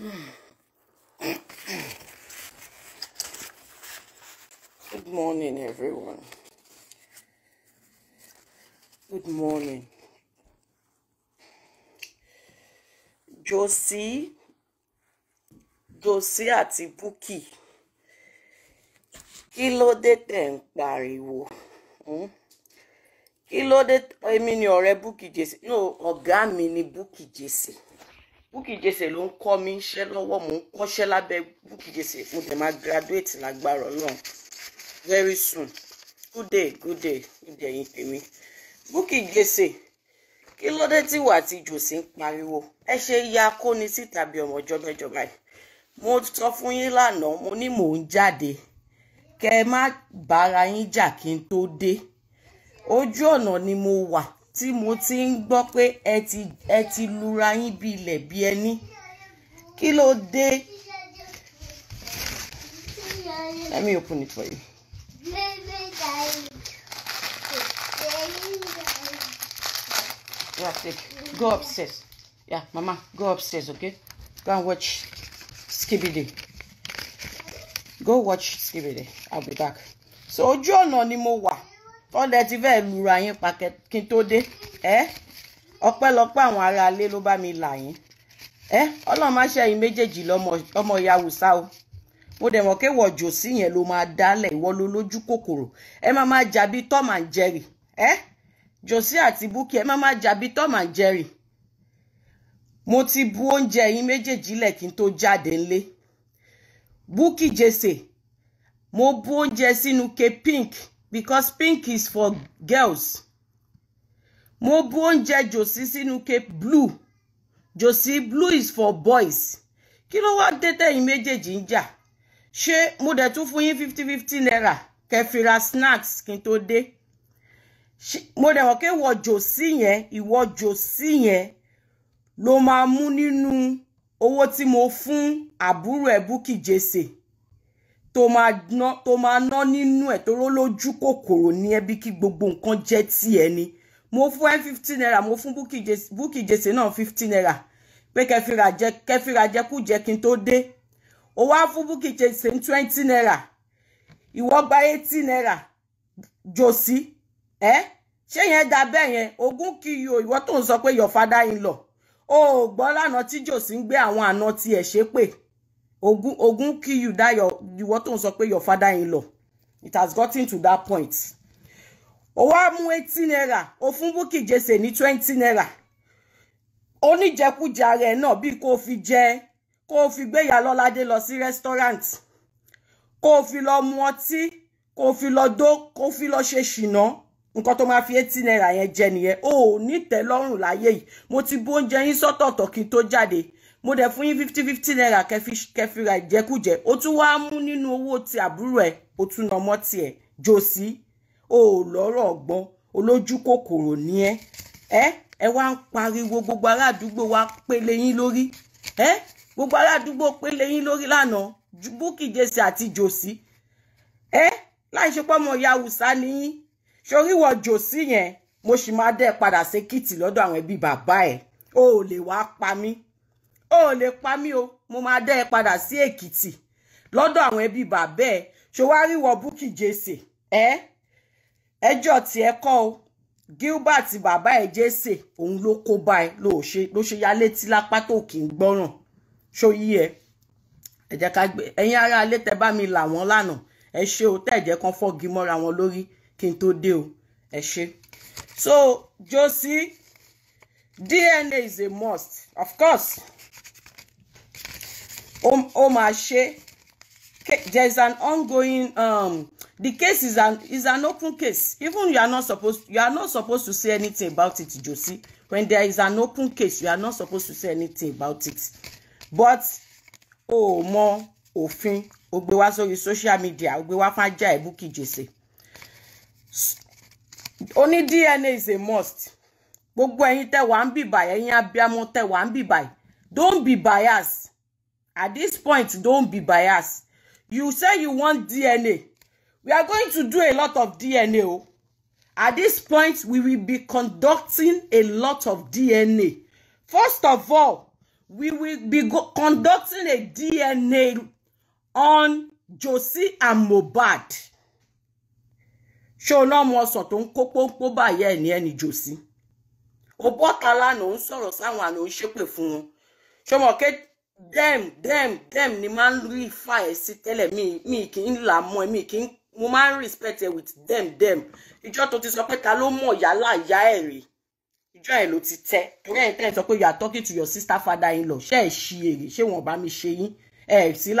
Good morning, everyone. Good morning. Josie, Josie àti buki. kí ló dé tẹ̀ ń pariwo? Hmm? Kí ló dé èmi ni ọ̀rẹ́ Bukky Jesse? No, ọ̀gá mi ni Bukky Jesse. Bukky Jesse ló ń kọ́ mi iṣẹ́ lọ́wọ́ mò ń kọ́ṣẹ́ lábẹ́ Bukky Jesse mo dẹ̀ máa graduate lágbára Ọlọ́run very soon good day good day good day yín tèmi Bukky Jesse kí ló dé tí wà tí jòsí ń pariwo ẹ ṣe ya kóni síta bí ọmọ ọjọ́ mẹ́jọ báyìí mo sọ fún yín lánàá mo ní mò ń jáde kẹ ẹ má bára yín jà kí n tó dé ojú ọ̀nà ni mo wà tí mo ti ń gbọ́ pé ẹ ti lura yín bí ilẹ̀ bí ẹni kí ló dé let me open it for you. Yeah, take. Go upstairs. Yeah, Mama, go upstairs, okay? Go and watch Skibidi. Go watch Skibidi. I'll be back. So, ojú ọ̀nà ni mo wà. fọ́ndẹ ti fẹ́ lura yín pa kí n tó dé ẹ́ ọpẹ́lọpẹ́ àwọn ará ilé ló bá mi là yín ẹ́ ọlọ́run má ṣe ẹ̀yin méjèèjì lọ́mọ ìyá Haúsá o mo dẹ̀ mọ̀ wọ̀jọ̀ yẹn ló máa dálẹ̀ ìwọ ló lójú ẹ má má jàbí Tom Jerry ẹ́ Jòsí àti ẹ Tom mo ti bu oúnjẹ méjèèjì lẹ̀ kí n tó jáde ńlé bu oúnjẹ sínú pink because pink is for girls mo bu oúnjẹ jòsí sínú cape blue jòsí blue is for boys kí ló wá dé tẹ̀yin méjèèjì ń jà ṣé mo dẹ̀ tún fún yín fifty fifty naira kẹfìrà snacks kí n tó dé mo dẹ̀ wọ́n ké wọ jòsí yẹn ìwọ jòsí yẹn ló máa mú nínú owó tí mo fún àbúrò ẹ̀ búkì tó máa ná tó máa ná nínú ẹ̀ tó rólójú kòkòrò ní ẹbí kí gbogbo nǹkan jẹ́ ti ẹ ni mo fún ẹ fifteen naira mo fún búkì jèsè náà fifteen naira pé kẹfìrà jẹ kẹfìrà jẹ kú jẹ kí n tó dé o wá fún búkì jèsè twenty naira ìwọ gba eighteen naira jòsí ẹ ṣé yẹn da bẹ́ẹ̀ yẹn ogún kìyò ìwọ tó ń sọ pé your father in law o ò gbọ́ lánàá tí jòsí ń gbé àwọn àna tiẹ̀ ṣépè ogun ogun kill you that your ìwọ tó to sọ pé your father in law it has gotten to that point ó wá mú eighty naira ó fún Bukky Jesse ni twenty naira oníjẹkújẹ ara jare náà bi kò fi jẹ kò fi gbé Ìyálọ́ládé lọ sí restaurant kò fi lọ mu ọtí kò fi lọ dó kò fi lọ ṣe ṣìnà nǹkan tó máa fi eighty naira yẹn jẹ nìyẹn o ò ní tẹ́lọ́rùn láyé yìí mo ti bó oúnjẹ yín sọ́tọ̀ọ̀tọ̀ kí n tó jáde mo dẹ̀ fún yín fifty fifty naira kẹfì ra ìjẹkújẹ o tún wá mú nínú owó ti àbúrò ẹ̀ ó tún nà ọmọ tiẹ̀ jòsí o ò lọ́rọ̀ ọgbọ́n olójú kòkòrò ni ẹ ẹ ẹ wá ń pariwo gbogbo ará àdúgbò wa pélé yín lórí ẹ gbogbo ará àdúgbò pélé yín lórí lánàá Bukky Jesse àti jòsí ẹ láì ṣe pọ́mọ ìyá haúsá nìyí sórí wọ jòsí yẹn mo sì máa dẹ́ padà ṣe kìtì lọ́dọ̀ àwọn ẹbí bàbá ẹ̀ o ò lè wá pa mí ó le pa mí o mo máa dá ẹ padà sí Èkìtì lọ́dọ̀ àwọn ẹbí bàbá ẹ̀ ṣòwárí wọ Bukky Jesse ẹ ẹjọ́ tiẹ̀ kọ́ o Gilbert bàbá ẹ̀ Jesse òun ló kó bá ẹ ló ṣe ló ṣe ya létí lápá tó kì í gbọ́ràn ṣó yí ẹ ẹ jẹ́ ká gbé ẹ̀yin ará ilé tẹ́ bá mi là wọ́n lánàá ẹ ṣe o tẹ́ ẹ jẹ́ kán fọ́gi mọ́ra wọn lórí kí n tó o ẹ ṣe. so Josie DNA is a must of course ó máa there is an ongoing um, the case is an is an open case even you are not supposed you are not supposed to say anything about it Josie when there is an open case you are not supposed to say anything about it but oh, mọ òfin o gbé wá social media o gbé wá fájà ẹ Only DNA is a must gbogbo ẹ̀yin tẹ́ wà ń bìbà ẹ̀yin abiyamọ tẹ́ wà ń bìbà don't be biased At this point, don't be biased. You say you want DNA. We are going to do a lot of DNA. Oh. At this point, we will be conducting a lot of DNA. First of all, we will be conducting a DNA on Josie and Mobad. ṣọlọ́mù ọsàn tó ń kó pónpó báyìí ẹ̀ ní Josie. ó bọ́ta lánàá ó ń sọ̀rọ̀ sáwọn àná ó ń ṣépè Mm. dem dem dem ni máa ń rí ìfà ẹ̀ sí tẹ́lẹ̀ mi mi kì í là mọ́ ẹ mi kì í mo máa ń respect ẹ with dem dem ìjọ tó ti sọ pé ta ló mọ̀ yálà ìyá ẹ̀ rèé ìjọ ẹ ló ti tẹ torí ẹ̀yin tẹ́ ẹ sọ you are talking to your sister father in law ṣé ẹ ṣí èrè ṣé wọn bá mi ṣe yín ẹ sí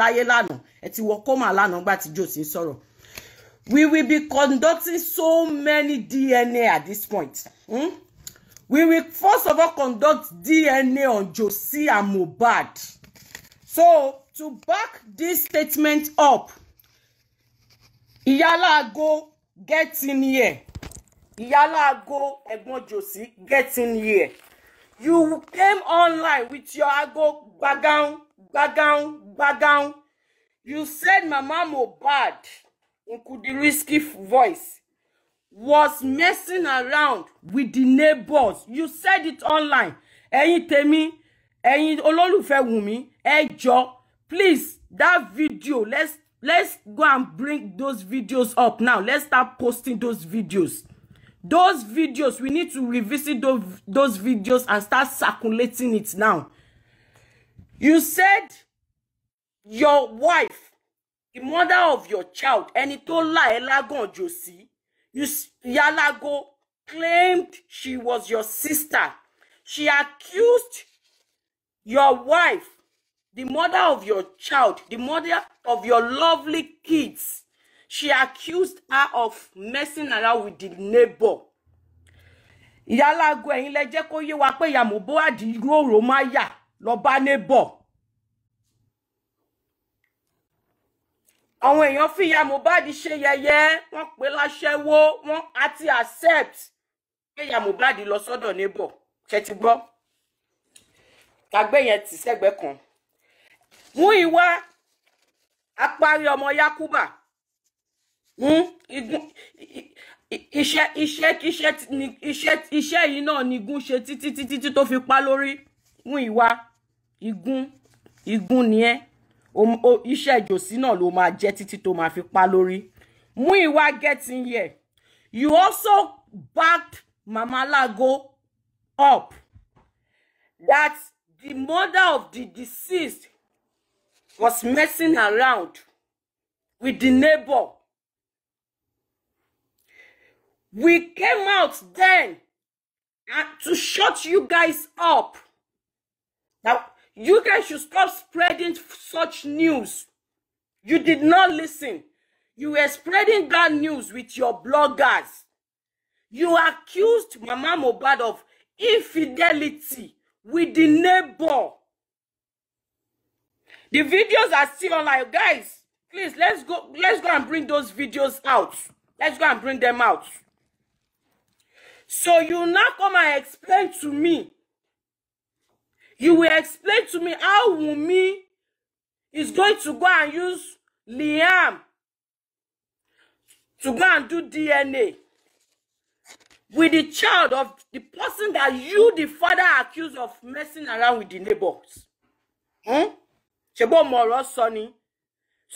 láyé lánàá ẹ ti wọ kọ́mà lánàá gbà tí jòsí ń sọ̀rọ̀ we will be conducting so many DNA at this point. Hmm? We will first of all conduct DNA on Josie and Mohbad. So, to back this statement up, Iyalago get in here. Iyalago Egbon Josie get in here. You came online with your ago gbagam, gbagam, gbagam. You said Mama Mohbad, risky voice was messing around with the neighbors you said it online ẹ̀yin tèmi ẹ̀yin olólùfẹ́ Wunmi ẹ jọ please that video let's let's go and bring those videos up now let's start posting those videos those videos we need to revisit those, those videos and start circulating it now you said your wife the mother of your child ẹni tó là ẹ́ lágànjò You, Yalago claimed she was your sister. She accused your wife, the mother of your child, the mother of your lovely kids. She accused her of messing around with the neighbor. Yalago, in ẹ̀yin lẹ jẹ́ kó yé wa pé ìyá Mohbad róró máa neighbor. àwọn èèyàn fìyà Mohbad ṣe yẹ̀yẹ́ wọ́n pè láṣẹ́wó wọ́n àti accept pé ìyá Mohbad lọ sọ́dọ̀ neighbor ṣe ti gbọ́ kàgbé yẹn tì sẹ́gbẹ́ kan mú ìwá apárí ọmọ Yakuba mú igun iṣẹ́ iṣẹ́ iṣẹ́ iṣẹ́ iṣẹ́ yìí náà ni igun ṣe títí títí tó fi pa lórí mú ìwá igun igun nìyẹn iṣẹ́ ìjòsí náà ló máa jẹ́ títí tó máa fi pa lórí Muiwa getting here you also backed Mama Lago up that the mother of the deceased was messing around with the neighbor we came out then uh, to shut you guys up. Now, You guys should stop spreading such news. You did not listen. You were spreading bad news with your bloggers. You accused Mama Mo'bad of infidelity with the neighbor. The videos are still online. Guys, please, let's go, let's go and bring those videos out. Let's go and bring them out. So you now come and explain to me you will explain to me how Wumi is going to go and use Liam to go and do DNA with the child of the person that you, the father, accused of messing around with the neighbors. Hmm? Ṣé bó mọ ọ̀rọ̀ sọ ni?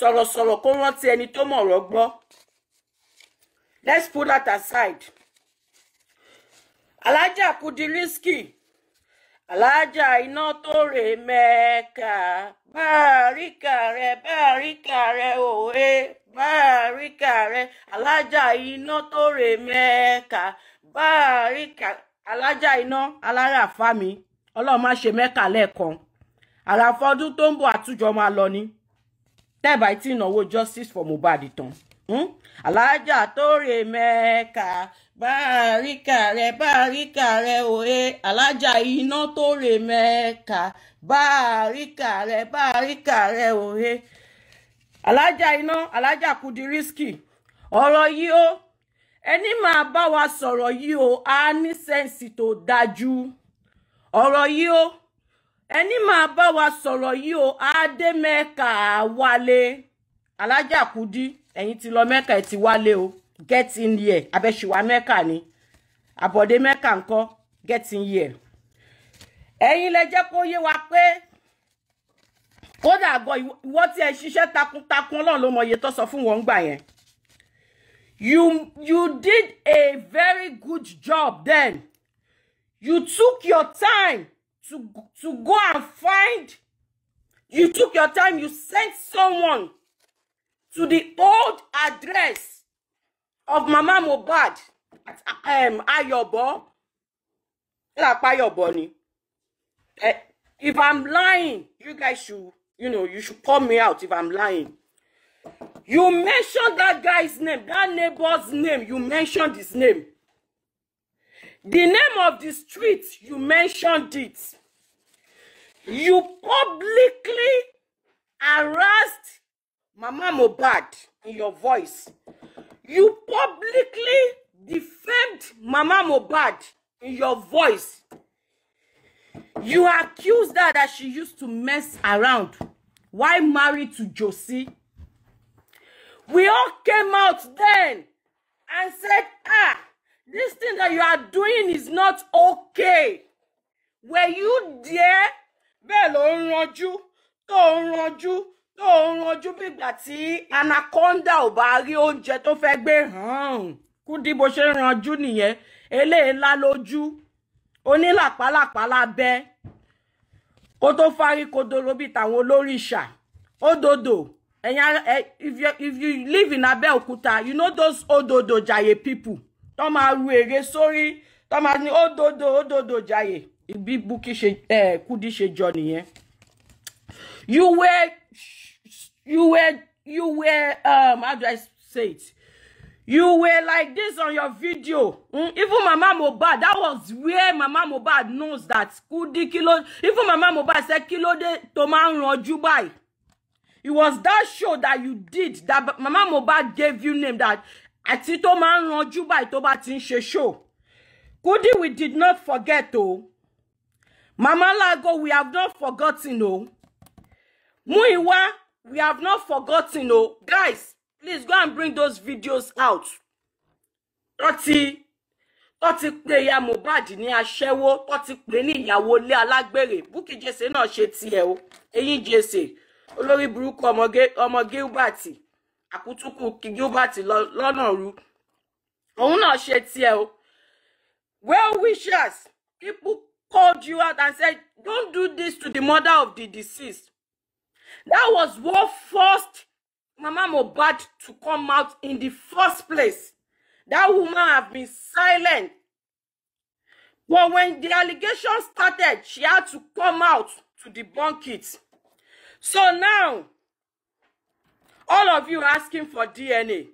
Sọ̀rọ̀sọ̀rọ̀ kó rántí ẹni tó mọ̀ ọ̀rọ̀ Let's put that aside. Alhaja risky alájà iná tó rè mẹ́ẹ̀ka báàríkà rẹ báàríkà rẹ òwe báàríkà rẹ alájà iná tó rè mẹ́ẹ̀ka báàríkà alájà iná alára àfa mi ọlọ́run má ṣe mẹ́ka lẹ́ẹ̀kan àràfọ́ ọdún tó ń bọ̀ àtújọ máa lọ ni tẹ́ẹ̀bà tí ìnáwó justice for Mohbad tán hmm? alájà tó rè mẹ́ẹ̀ka báríkà rẹ báríkà rẹ òye alájà iná tó rè mẹ́ẹ̀ka báríkà rẹ báríkà rẹ òye alájà iná alájà Kudirisky ọ̀rọ̀ yìí ó ẹni máa bá wa sọ̀rọ̀ yìí ó a ní sẹ́ǹsì tó dájú ọ̀rọ̀ yìí ó ẹni máa bá wa sọ̀rọ̀ yìí ó a dé mẹ́ẹ̀ka wálé alájà Kudi ẹ̀yin ti lọ mẹ́ẹ̀ka ẹ̀ ti wálé o get in here abẹ́ṣiwá mẹ́ka ni àbọ̀dé mẹ́ka ńkọ́ get in here ẹ̀yin lẹ jẹ́ kó yé wa pé kódà gan ìwọ tí ẹ ṣiṣẹ́ takuntakun ọlọ́run ló mọ iye tó sọ fún wọn gbà yẹn you you did a very good job then you took your time to to go and find you took your time you sent someone to the old address of Mama Mohbad um, Ayọ̀bọ lápá Ayọ̀bọ ni uh, if I'm lying you guys should you know you should call me out if I'm lying you mentioned that guy's name that neighbor's name you mentioned his name the name of the street you mentioned it you publicly harassed Mama Mohbad in your voice You publicly defamed Mama Mo'bad in your voice. You accused her that she used to mess around Why married to Josie. We all came out then and said, ah, this thing that you are doing is not okay. Were you there? Bẹ́ẹ̀ ló ń ranjú, tó ń ranjú bìgbà tí anaconda ò bá rí oúnjẹ tó fẹ́ gbé hàn Kúdí bó ṣe ranjú nìyẹn eléyìí ńlá lójú onílàpálàpá lábẹ́ kó tó fárí kodoro bíi tàwọn olóríṣà òdòdò ẹ̀yin if you if you live in Abẹ́òkúta you know those òdòdò jàyè people tó máa ru èrè sórí tó máa ní òdòdò òdòdò jàyè ibi Bukky ṣe Kúdí ṣe jọ nìyẹn you were you were you were um how do I say it? You were like this on your video. Mm? Even Mama Mohbad, that was where Mama Mohbad knows that Kudi kilo. Even Mama Mohbad said kilo de tó máa Dubai. It was that show that you did that Mama Mohbad gave you name that atito tó máa Dubai. rànjú báyìí tó bá show. Kudi, we did not forget o. Mama Lago, we have not forgotten o. Muiwa, we have not forgotten oh guys please go and bring those videos out wọ́n ti wọ́n ti pè ya Mohbad ní aṣẹ́wó wọ́n ya pè ní ìyàwó ilé alágbèrè Bukky Jesse náà ṣe tiẹ̀ o eyín Jesse olórí burúkú ọmọ Gilbert àkútúkù Gilbert lọ́nà ru òun náà ṣe tiẹ̀ o well wishers people called you out and said don't do this to the mother of the deceased That was what forced Mama Mohbad to come out in the first place. That woman have been silent. But when the allegation started, she had to come out to debunk it. So now, all of you asking for DNA.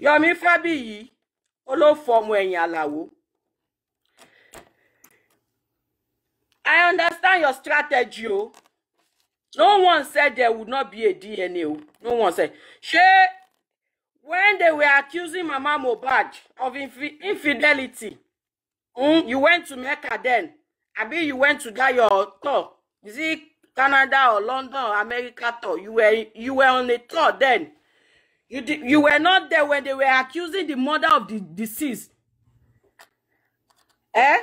Yomi Fabiyi, olófọmọ ẹ̀yìn aláwo. I understand your strategy Oh. No one said there would not be a DNA. No one said. She, when they were accusing Mama Mohbad of infi infidelity, mm, you went to Mecca then. I mean, you went to that your tour. Is it Canada or London or America tour? You were you were on a tour then. You did, you were not there when they were accusing the mother of the deceased. Eh?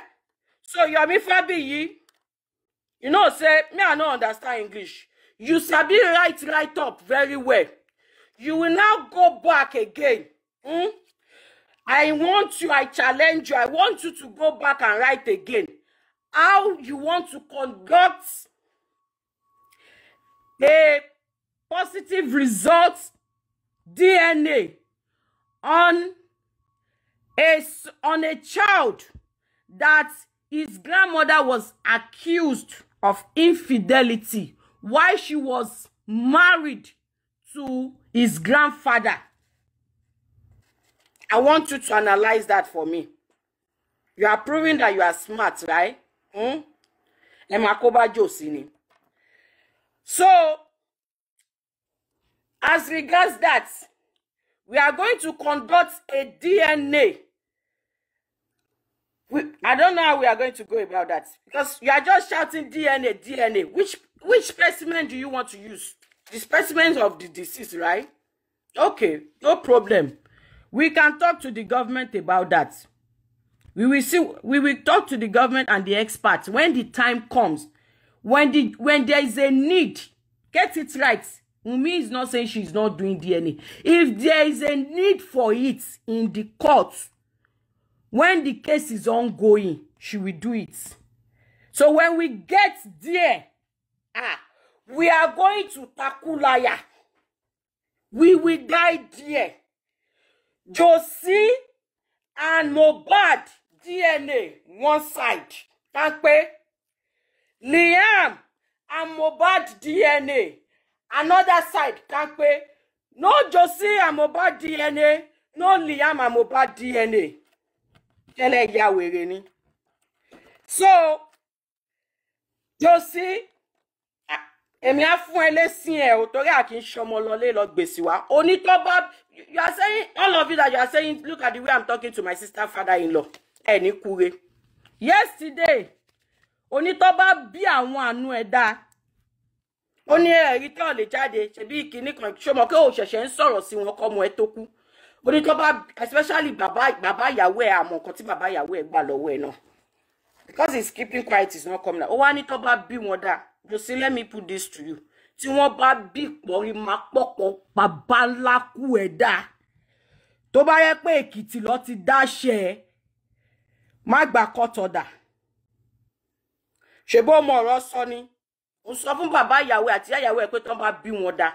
So Yomi Fabiyi you know say me i no understand english you sabi write right up very well you will now go back again mm? i want you i challenge you i want you to go back and write again how you want to conduct a positive result dna on a on a child that his grandmother was accused of infidelity while she was married to his grandfather. I want you to analyze that for me. You are proving that you are smart, right? Hmm? Emakoba Josini. So, as regards that, we are going to conduct a DNA we, I don't know how we are going to go about that because you are just shouting DNA, DNA. Which which specimen do you want to use? The specimens of the deceased, right? Okay, no problem. We can talk to the government about that. We will see. We will talk to the government and the experts when the time comes. When the when there is a need, get it right. Umi is not saying she's not doing DNA. If there is a need for it in the courts, When the case is ongoing, she will do it. So when we get there, ah, we are going to tackle liar. We will die there. Josie and Mobad DNA one side. Thank Takpe. Liam and Mobad DNA another side. Thank Takpe. No Josie and Mobad DNA. No Liam and Mobad DNA tẹ́lẹ̀ ya wèrè ni so josi èmi á fún ẹ lẹ́sìn ẹ̀ ò torí àkì ń ṣọmọ lọlé lọ gbèsè wá onítọ́ you are saying all of you that you are saying look at the way i'm talking to my sister father-in-law ẹ̀ kure yesterday onítọ́ bá bí àwọn àánú ẹ̀ dáa ó ní ẹ̀rí tán lè jáde ṣebí kinní kan ṣọmọ kí o ṣẹ̀ṣẹ̀ ń sọ̀rọ̀ sí wọn kọ́mọ ẹ tó kú mo ní tó bá especially bàbá bàbá ìyàwó ẹ àmọ́ nǹkan tí bàbá ìyàwó ẹ gbà lọ́wọ́ ẹ náà because he's keeping quiet is not coming out ó wá ní tó bá bí wọn dá josie let me put this to you tí wọ́n bá bí pọrí máa pọpọ bàbá ńlá kú ẹ dá tó bá yẹ pé èkìtì lọ ti dáṣẹ ẹ má gbà kọtọdà ṣèbó ọmọ ọ̀rọ̀ sọ ni n sọ fún bàbá ìyàwó àti ìyàwó ẹ pé tán bá bí wọn dá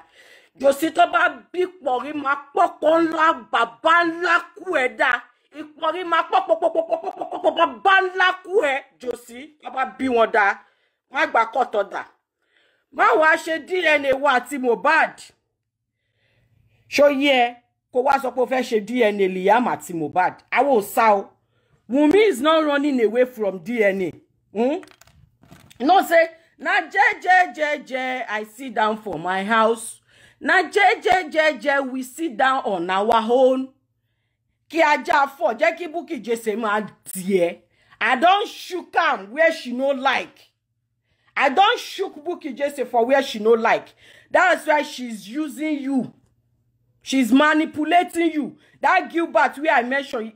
jòsí tó bá bí pọ̀rí máa pọ́pọ́ ńlá bàbá ńlá kú ẹ̀ dá ìpọ̀rí máa pọ́pọ́ pọ́pọ́pọ́pọ́pọ́ bàbá ńlá kú ẹ̀ jòsí tó bá bí wọn dá wọn àgbà kọ̀tọ̀ dà báwo a ṣe DNA wa àti Mohbad ṣó yẹ kó wá sọ pé o fẹ́ ṣe DNA Liam àti Mohbad àwọn ò sá o Wunmi is not running away from DNA hmm? no say na jejejeje I sit down for my house na jejejeje we sit down on our own Ki aja fọ jẹ́ kí Bukky Jesse máa tiẹ̀ i don shook am where she no like i don shook Bukky Jesse for where she no like that's why she's using you she's manipulating you that Gilbert wey i mention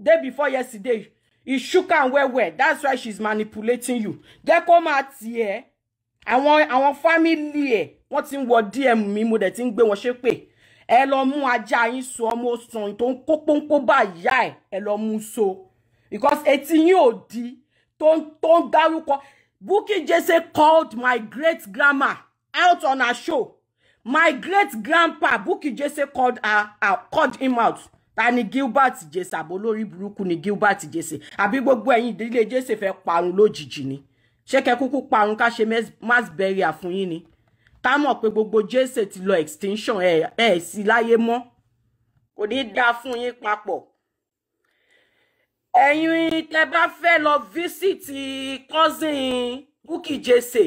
day before yesterday e shook am well well that's why she's manipulating you jẹ́ kó máa tiẹ̀ àwọn àwọn family ẹ̀ wọ́n ti ń wọ DM mi mo dẹ̀ ti ń gbé wọn ṣépè ẹ lọ mú ajá yín so ọmọ sàn tó ń kó pọ́npọ́ bá ìyá ẹ lọ mú so because etí yín ò di tó ń tó ń dárúkọ Bukky Jesse called my great grandma out on her show my great grandpa Bukky Jesse called her, her uh, called him out ta ni Gilbert Jesse àbò lórí burúkú ni Gilbert Jesse àbí gbogbo ẹ̀yin ìdílé Jesse fẹ́ parun lójijì ni ṣé kẹ́ kúkú parun ká ṣe mass burial fún yín ni ká mọ̀ pé gbogbo jésè ti lọ extinction ẹ̀ ẹ̀ sí láyé mọ́ kò ní dáa fún yín papọ̀ ẹ̀yin tẹ bá fẹ́ lọ físítì cousin Bukky jésè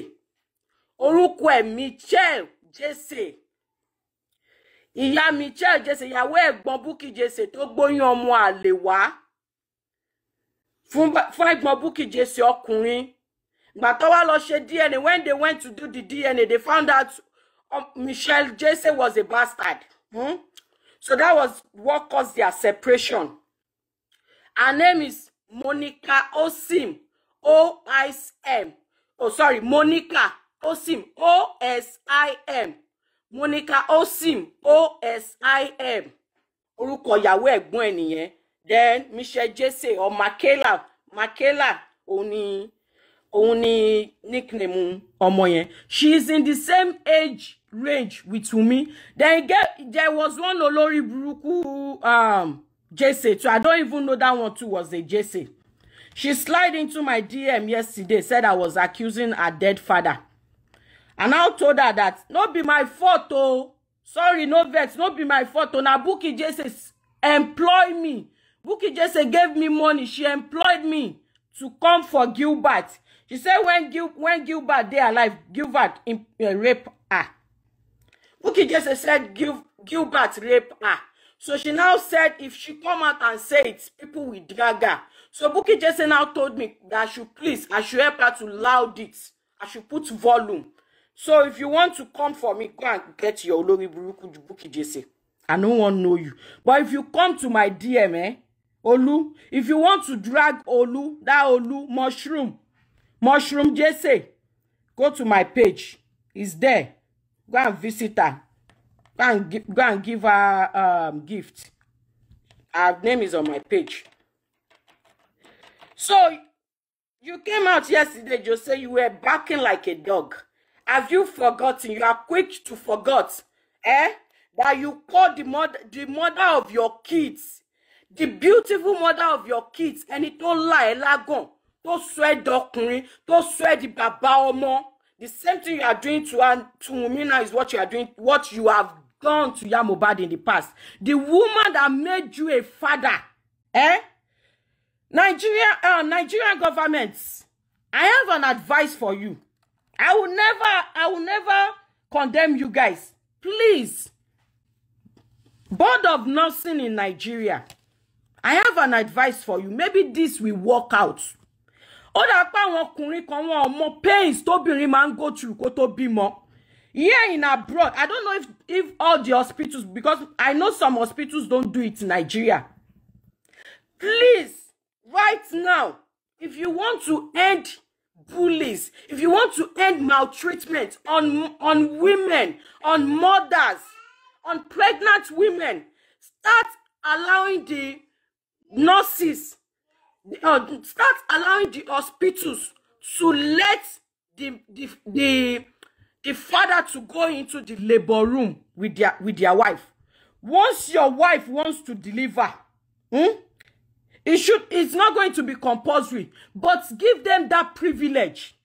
orúkọ ẹ̀ Michelle jésè ìyá Michelle jésè ìyàwó ẹ̀gbọ́n Bukky jésè tó gbóyún ọmọ àlè wá fún ẹ̀gbọ́n Bukky jésè ọkùnrin gbà tó wá lọ ṣe DNA when they went to do the DNA they found out um, Michelle Jesse was a bastard hmm? so that was what caused their separation her name is Monica Osim O-I-S-M oh sorry Monica Osim O-S-I-M Monica Osim O-S-I-M orúkọ ìyàwó ẹ̀gbọ́n ẹ̀ then Michelle Jesse or Makela Makela Oni. ni òun ni nickname ọmọ yẹn she is in the same age range with Wunmi then get, there was one Olori burúkú um, Jesse. too I don't even know that one too was a Jesse. she slide into my DM yesterday said I was accusing her dead father and I told her that no be my fault o sorry no vex no be my fault o na Bukky jese employ me Bukky Jesse gave me money she employed me to come for Gilbert She said when Gil when Gilbert they alive, Gilbert in, uh, rape her. Bukky Jesse said Gil, Gilbert rape her. So she now said if she come out and say it, people will drag her. So Bukky Jesse now told me that I should please, I should help her to loud it. I should put volume. So if you want to come for me, go and get your Olori Buruku Bukky Jesse. I no wan know you. But if you come to my DM, eh, Olu, if you want to drag Olu, that Olu mushroom, mushroom jesse go to my page it's there go and visit her go and, gi go and give her um, gift her name is on my page so you came out yesterday Jose you were barking like a dog have you forgotten you are quick to forget eh that you call the mother the mother of your kids the beautiful mother of your kids and it don't lie. ẹ lágàn tó sọ ẹ́ dọkùnrin tó sọ ẹ́ di bàbá ọmọ the same thing you are doing to her to Wunmi now is what you are doing what you have done to Iya Mohbad in the past the woman that made you a father eh? Nigeria uh, Nigerian government I have an advice for you I will never I will never condemn you guys please board of nursing in Nigeria I have an advice for you maybe this will work out ó dà pé àwọn ọkùnrin kan wọn ò mọ pains tóbìnrin máa ń go through kó tó bímọ here in abroad i don't know if if all the hospitals because i know some hospitals don't do it in nigeria please right now if you want to end bullies if you want to end maltreatment on on women on mothers on pregnant women start allowing the nurses uh, start allowing the hospitals to let the the the the father to go into the labor room with their with their wife once your wife wants to deliver hmm, it should it's not going to be compulsory but give them that privilege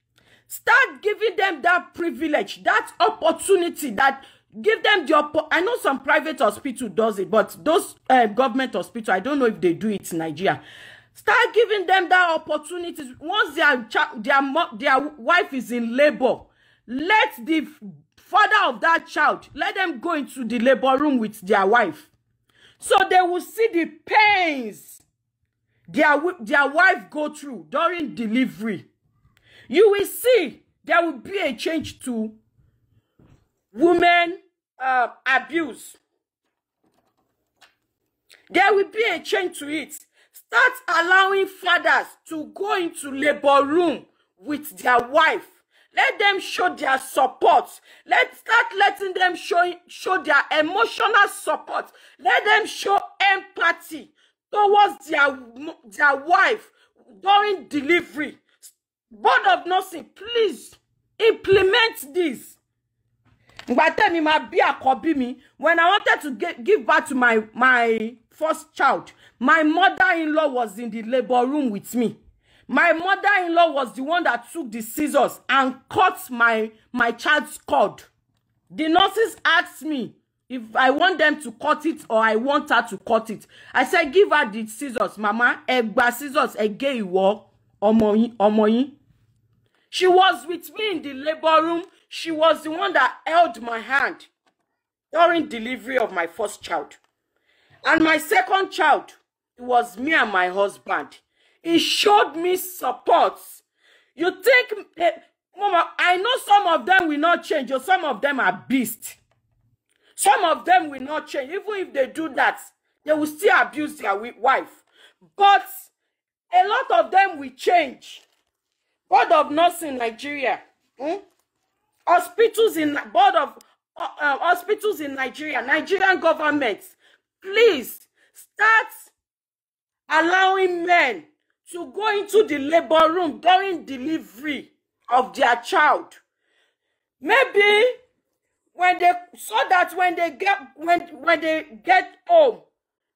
start giving them that privilege that opportunity that give them the i know some private hospital does it but those uh, government hospital i don't know if they do it in nigeria Start giving them that opportunity. Once their child, their mom, their wife is in labor, let the father of that child let them go into the labor room with their wife, so they will see the pains their their wife go through during delivery. You will see there will be a change to women uh, abuse. There will be a change to it. Start allowing fathers to go into labor room with their wife. Let them show their support. Let start letting them show, show their emotional support. Let them show empathy towards their, their wife during delivery. Board of Nursing, please implement this. Ngba tèmi máa bí àkọ́bí mi when I wanted to get, give birth to my my first child my mother-in-law was in the labor room with me my mother-in-law was the one that took the scissors and cut my my child's cord the nurses asked me if I want them to cut it or I want her to cut it I said give her the scissors mama ẹ scissors ẹ gé ìwọ ọmọ yín she was with me in the labor room She was the one that held my hand during delivery of my first child. And my second child, it was me and my husband. He showed me support. You think, eh, Mama, I know some of them will not change, or some of them are beasts. Some of them will not change. Even if they do that, they will still abuse their wife. But a lot of them will change. God of Nurse Nigeria. Hmm? hospitals in board of uh, um, hospitals in Nigeria, Nigerian governments, please start allowing men to go into the labor room during delivery of their child. Maybe when they so that when they get when when they get home,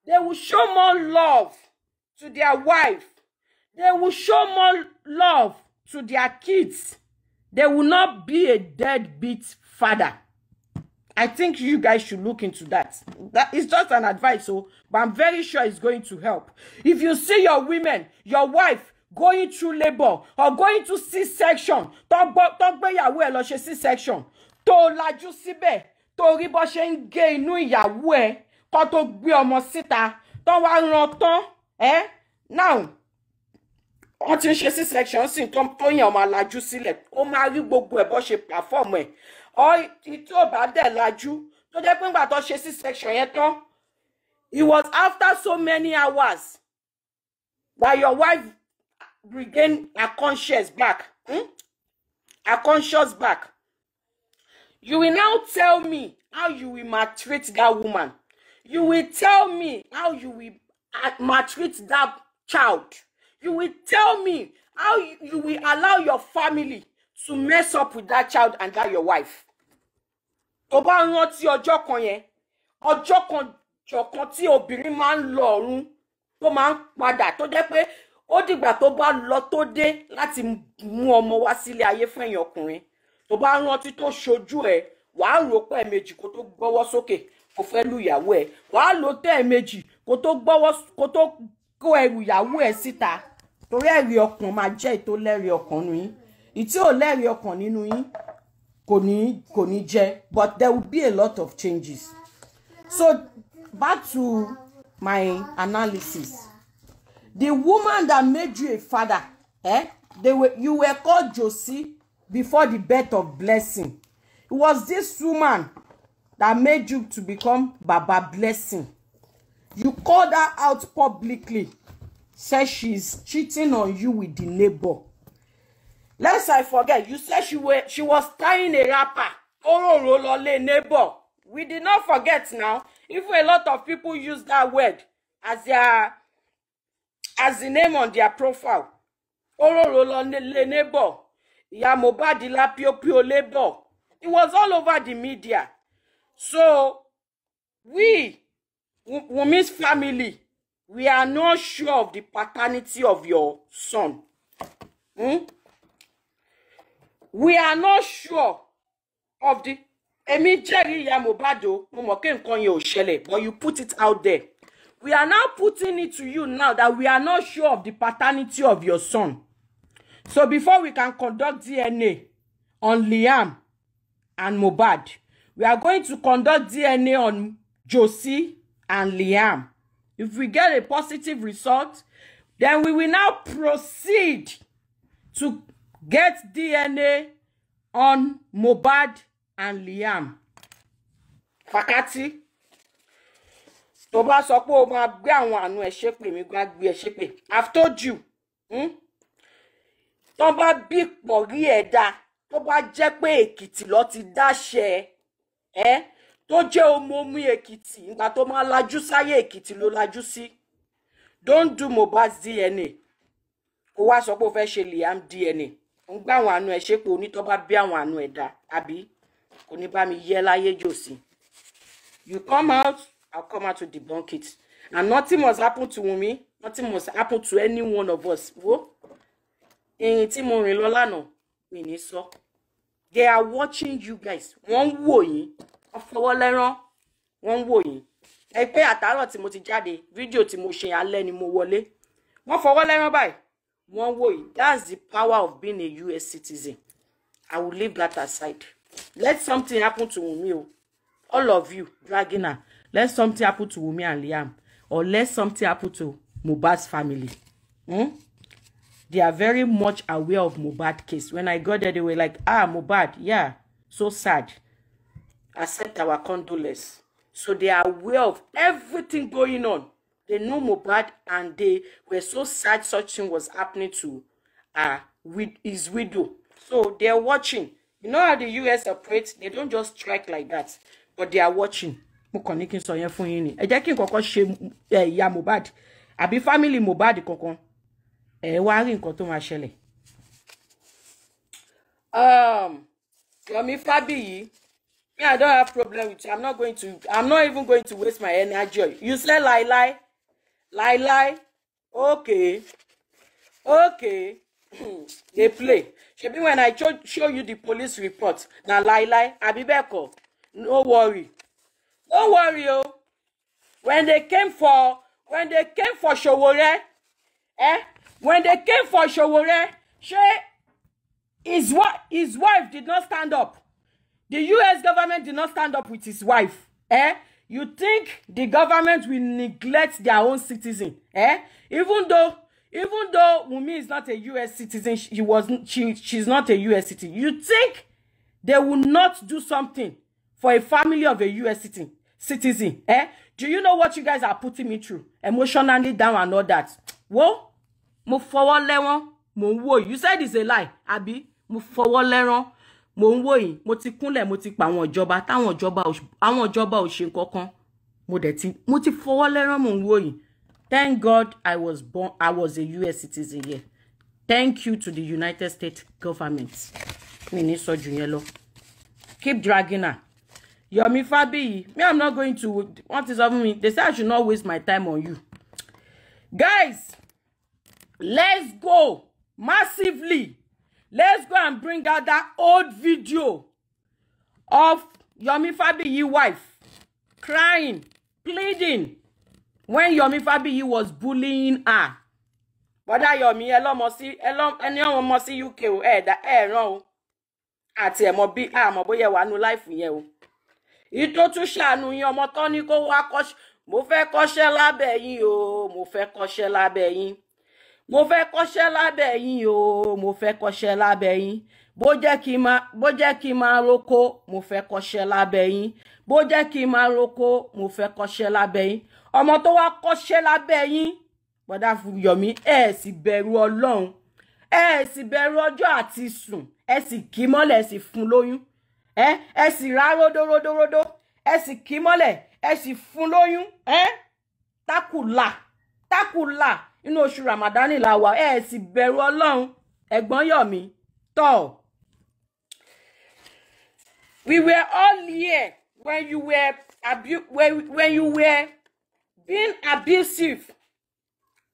they will show more love to their wife. They will show more love to their kids. There will not be a deadbeat father. I think you guys should look into that. That is just an advice, so oh, but I'm very sure it's going to help. If you see your women, your wife going through labor or going to C-section, tó gbéyàwó ẹ̀ lọ ṣe C-section, To lajú síbẹ̀, tó rí bó ṣe ń gé inú ìyàwó ẹ̀ kó wa gbé eh? Now, wọ́n ti ń ṣe c-section sí nǹkan tó yàn máa lajú sílẹ̀ ó máa rí gbogbo ẹ̀ bọ́ ṣe pàfọ́ọ̀mù ẹ̀ ọ́ tí ò bá dẹ̀ lajú tó jẹ́ pé ńgbà tó ṣe c-section yẹn tán it was after so many hours that your wife regained her conscience back hmm? her conscience back you will now tell me how you will maltreat that woman you will tell me how you will uh, maltreat that child you will tell me how you, you will allow your family to mess up with that child and that your wife tó bá rántí ọjọ́ kan yẹn ojo kan jọ̀kan tí obìnrin máa ń lọ ọ̀run tó máa ń padà tó jẹ́ pé ó dìgbà tó bá lọ tó dé láti mú ọmọ wá sílé ayé fún ẹ̀yìn ọkùnrin tó bá rántí tó ṣojú ẹ̀ wàá rò pé ẹ̀ẹ̀mejì kó tó gbọ́wọ́ sókè kó fẹ́ lu ìyàwó ẹ̀ wàá lò tẹ́ ẹ̀ẹ̀mejì kó tó gbọ́wọ́ kó tó kó ẹrù ìyàwó ẹ̀ torí ẹ̀rí ọkàn máa jẹ́ ètò lẹ́rìí ọkàn nínú yín ìtí ò lẹ́rìí ọkàn nínú yín kò ní kò ní jẹ́ but there will be a lot of changes so back to my analysis the woman that made you a father eh they were you were called Josie before the birth of blessing it was this woman that made you to become Baba Blessing you called her out publicly said she's cheating on you with the neighbor. Lest I forget, you said she, was she was tying a rapper. Ororo lole neighbor. We did not forget now. Even a lot of people use that word as their as the name on their profile. Ororo lole neighbor. Ìyá Mohbad la piopio neighbor. It was all over the media. So we Wumi's family we are not sure of the paternity of your son. Hmm? We are not sure of the Emi Jerry Yamobado, Mohbad o mo mọ̀ pé nǹkan but you put it out there we are now putting it to you now that we are not sure of the paternity of your son so before we can conduct DNA on Liam and Mobad, we are going to conduct DNA on Josie and Liam If we get a positive result, then we will now proceed to get DNA on Mobad and Liam. Fakati, toba bá sọ pé o máa gbé àwọn àánú ẹ ṣépè mi gbá gbé ẹ ṣépè. I've told you. Hmm? Toba big bí pọ̀ rí ẹ̀dá, tó bá jẹ́ pé Èkìtì ti dáṣẹ ẹ́. Eh? tó jẹ́ ọmọ èkìtì ìgbà tó máa lajú sáyé èkìtì ló lajú sí don't do Mohbad's DNA kó wá sọ pé ó fẹ́ ṣe Liam DNA ń gbá àwọn àánú ẹ ṣe pé onítọ́ bá bí àwọn àánú ẹ dá àbí kò ní bá mi yẹ láyé jòsí you come out I'll come out to debunk it and nothing must happen to Wunmi nothing must happen to any one of us wo ìrìn tí mo rìn lọ lánàá mi ní sọ they are watching you guys wọ́n ń wò yín fọwọ́ lẹ́rán wọ́n ń wò yín ẹ pé àtàárọ̀ tí mo ti jáde fídíò tí mo ṣe alẹ́ ni mo wọlé wọ́n fọwọ́ lẹ́rán báyìí wọ́n wò yín that's the power of being a US citizen I will leave that aside let something happen to Wunmi o all of you dragging her let something happen to Wunmi and Liam or let something happen to Mohbad's family. Hmm? They are very much aware of Mohbad case. When I got there, they were like, ah, Mohbad, yeah, so sad accept our condolence. So they are aware of everything going on. They know Mubad, and they were so sad such thing was happening to uh, with his widow. So they are watching. You know how the US operates? They don't just strike like that, but they are watching. Mo kàn ní kí n sọ yẹn fún yín ni. Ẹ jẹ́ kí n kọ́kọ́ ṣe ìyá Mohbad àbí fámìlì Mohbad kankan. Ẹ wá rí nǹkan me i don't have problem with you i'm not going to i'm not even going to waste my energy you say lie lie lie lie okay okay They play shebi when i show, show you the police report Now, lie lie abi no worry no worry o oh. when they came for when they came for Sowore eh when they came for Sowore she his wife his wife did not stand up The US government did not stand up with his wife. Eh? You think the government will neglect their own citizen? Eh? Even though even though Mumi is not a US citizen, she was she she's not a US citizen. You think they will not do something for a family of a US citizen? Citizen, eh? Do you know what you guys are putting me through? Emotionally down and all that. Whoa, Move forward, lẹ́wọ̀n, mo wò. You said it's a lie, àbí? Move forward, lẹ́wọ̀n mo ń wò yìí mo ti kúnlẹ̀ mo ti pa àwọn ìjọba táwọn ìjọba àwọn ìjọba ò ṣe nǹkan mo dẹ̀ ti mo ti fọwọ́ lẹ́rán mo ń wò yìí thank God I was born I was a US citizen here thank you to the United States government mi ní sọ jù yẹn lọ keep dragging her Yomi Fabiyi me I'm not going to wọ́n ti sọ fún mi they say I should not waste my time on you guys let's go massively Let's go and bring out that old video of Yomi Fabiyi wife crying, pleading when Yomi Fabiyi was bullying her. But Bọ́dá Yomi ẹ lọ́mọ sí ẹni ọmọ sí UK o ẹ̀ẹ́dá ẹ̀ẹ̀ràn o àti ẹ̀mọ bí àmọ́ bóyá wà nù láìfù yẹn o. Ìtò tún ṣàánú yín ọmọ tán ní kó wa kọ́ṣẹ́ mo fẹ́ kọ́ṣẹ́ lábẹ́ yín o mo fẹ́ kọ́ṣẹ́ lábẹ́ yín mo fẹ́ kọ́ṣẹ́ lábẹ́ yín o mo fẹ́ kọ́ṣẹ́ lábẹ́ yín bó jẹ́ kí n máa bó jẹ́ kí n máa roko mo fẹ́ kọ́ṣẹ́ lábẹ́ yín bó jẹ́ kí n máa roko mo fẹ́ kọ́ṣẹ́ lábẹ́ yín ọmọ tó wá kọ́ṣẹ́ lábẹ́ yín bọ́dá Yomi ẹ eh, sì si bẹ̀rù Ọlọ́run ẹ eh, sì si bẹ̀rù ọjọ́ àti sùn ẹ eh, sì si kí mọ́lẹ̀ ẹ sì fún lóyún ẹ ẹ sì rà ródóródóródó ẹ sì kí mọ́lẹ̀ ẹ sì fún lóyún ẹ tákùlà tákùlà inú oṣù Ramadan la wà ẹ sì bẹ̀rù Ọlọ́run ẹ̀gbọ́n Yọ̀mí tọ̀. We were all here when you were abu when, when you were being abusive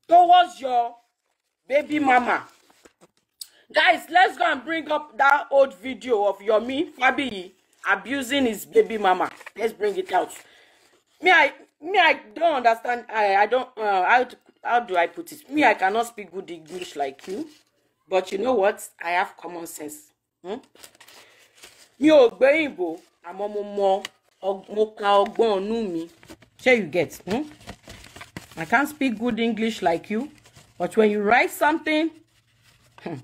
towards your baby mama. Guys, let's go and bring up that old video of Yomi Fabiyi abusing his baby mama. Let's bring it out. Me, I, me, I don't understand. I, I don't uh, how to how do I put it? Me, I hmm. cannot speak good English like you, but you know what? I have common sense. Hmm? Mi ò gbé Ìgbò, àmọ́ mo mọ mo ka ọgbọ́n inú mi. Ṣé you get? Hmm? I can't speak good English like you, but when you write something, hmm,